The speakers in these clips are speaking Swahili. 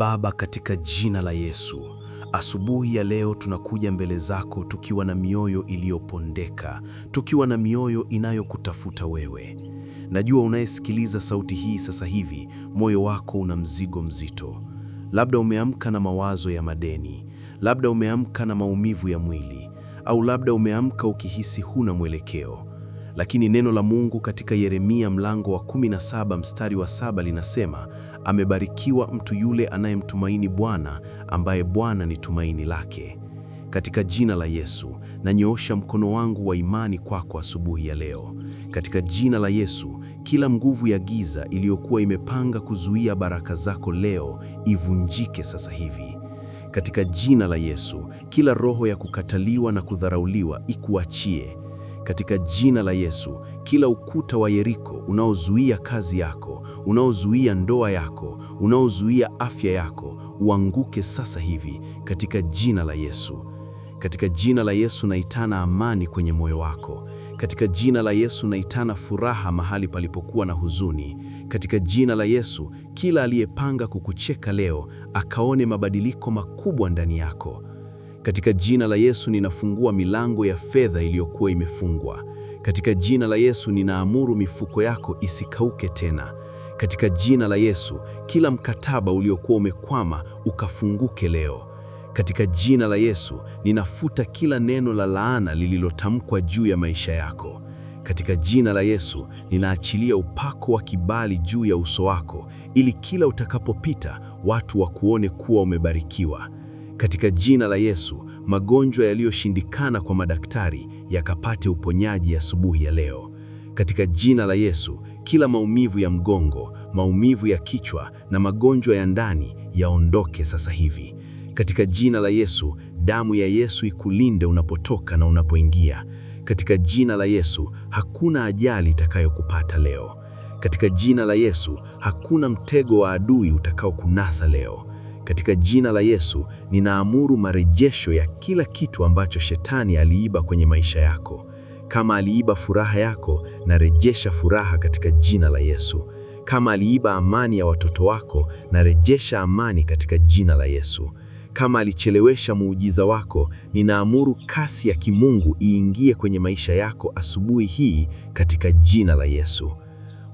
Baba, katika jina la Yesu, asubuhi ya leo tunakuja mbele zako tukiwa na mioyo iliyopondeka, tukiwa na mioyo inayokutafuta wewe. Najua unayesikiliza sauti hii sasa hivi, moyo wako una mzigo mzito. Labda umeamka na mawazo ya madeni, labda umeamka na maumivu ya mwili, au labda umeamka ukihisi huna mwelekeo. Lakini neno la Mungu katika Yeremia mlango wa 17 mstari wa saba linasema, amebarikiwa mtu yule anayemtumaini Bwana, ambaye Bwana ni tumaini lake. Katika jina la Yesu nanyoosha mkono wangu wa imani kwako kwa asubuhi ya leo. Katika jina la Yesu, kila nguvu ya giza iliyokuwa imepanga kuzuia baraka zako leo ivunjike sasa hivi. Katika jina la Yesu, kila roho ya kukataliwa na kudharauliwa ikuachie. Katika jina la Yesu, kila ukuta wa Yeriko unaozuia kazi yako, unaozuia ndoa yako, unaozuia afya yako, uanguke sasa hivi katika jina la Yesu. Katika jina la Yesu naitana amani kwenye moyo wako. Katika jina la Yesu naitana furaha mahali palipokuwa na huzuni. Katika jina la Yesu, kila aliyepanga kukucheka leo akaone mabadiliko makubwa ndani yako. Katika jina la Yesu ninafungua milango ya fedha iliyokuwa imefungwa. Katika jina la Yesu ninaamuru mifuko yako isikauke tena. Katika jina la Yesu kila mkataba uliokuwa umekwama ukafunguke leo. Katika jina la Yesu ninafuta kila neno la laana lililotamkwa juu ya maisha yako. Katika jina la Yesu ninaachilia upako wa kibali juu ya uso wako ili kila utakapopita watu wakuone kuwa umebarikiwa. Katika jina la Yesu, magonjwa yaliyoshindikana kwa madaktari yakapate uponyaji asubuhi ya, ya leo. Katika jina la Yesu, kila maumivu ya mgongo, maumivu ya kichwa na magonjwa ya ndani yaondoke sasa hivi. Katika jina la Yesu, damu ya Yesu ikulinde unapotoka na unapoingia. Katika jina la Yesu, hakuna ajali itakayokupata leo. Katika jina la Yesu, hakuna mtego wa adui utakaokunasa leo. Katika jina la Yesu ninaamuru marejesho ya kila kitu ambacho shetani aliiba kwenye maisha yako. Kama aliiba furaha yako, narejesha furaha katika jina la Yesu. Kama aliiba amani ya watoto wako, narejesha amani katika jina la Yesu. Kama alichelewesha muujiza wako, ninaamuru kasi ya kimungu iingie kwenye maisha yako asubuhi hii katika jina la Yesu.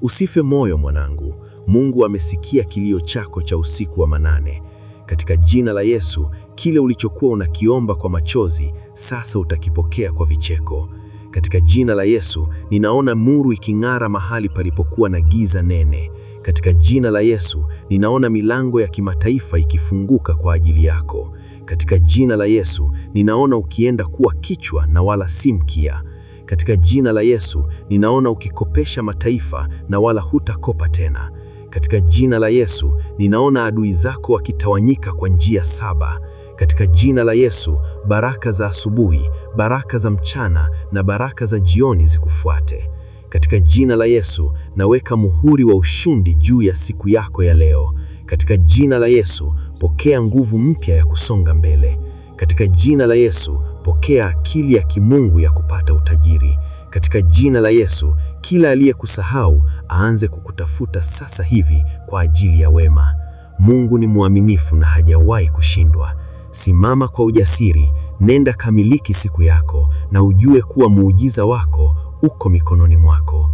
Usife moyo mwanangu. Mungu amesikia kilio chako cha usiku wa manane katika jina la Yesu, kile ulichokuwa unakiomba kwa machozi sasa utakipokea kwa vicheko. Katika jina la Yesu, ninaona nuru iking'ara mahali palipokuwa na giza nene. Katika jina la Yesu, ninaona milango ya kimataifa ikifunguka kwa ajili yako. Katika jina la Yesu, ninaona ukienda kuwa kichwa na wala si mkia. Katika jina la Yesu, ninaona ukikopesha mataifa na wala hutakopa tena. Katika jina la Yesu ninaona adui zako wakitawanyika kwa njia saba. Katika jina la Yesu, baraka za asubuhi, baraka za mchana na baraka za jioni zikufuate. Katika jina la Yesu, naweka muhuri wa ushindi juu ya siku yako ya leo. Katika jina la Yesu, pokea nguvu mpya ya kusonga mbele. Katika jina la Yesu, pokea akili ya kimungu ya kupata utajiri. Katika jina la Yesu, kila aliyekusahau aanze kukutafuta sasa hivi kwa ajili ya wema. Mungu ni mwaminifu na hajawahi kushindwa. Simama kwa ujasiri, nenda kamiliki siku yako na ujue kuwa muujiza wako uko mikononi mwako.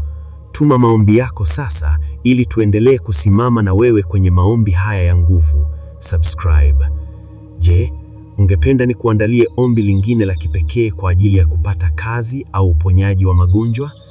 Tuma maombi yako sasa ili tuendelee kusimama na wewe kwenye maombi haya ya nguvu. Subscribe. Je, ungependa ni kuandalie ombi lingine la kipekee kwa ajili ya kupata kazi au uponyaji wa magonjwa?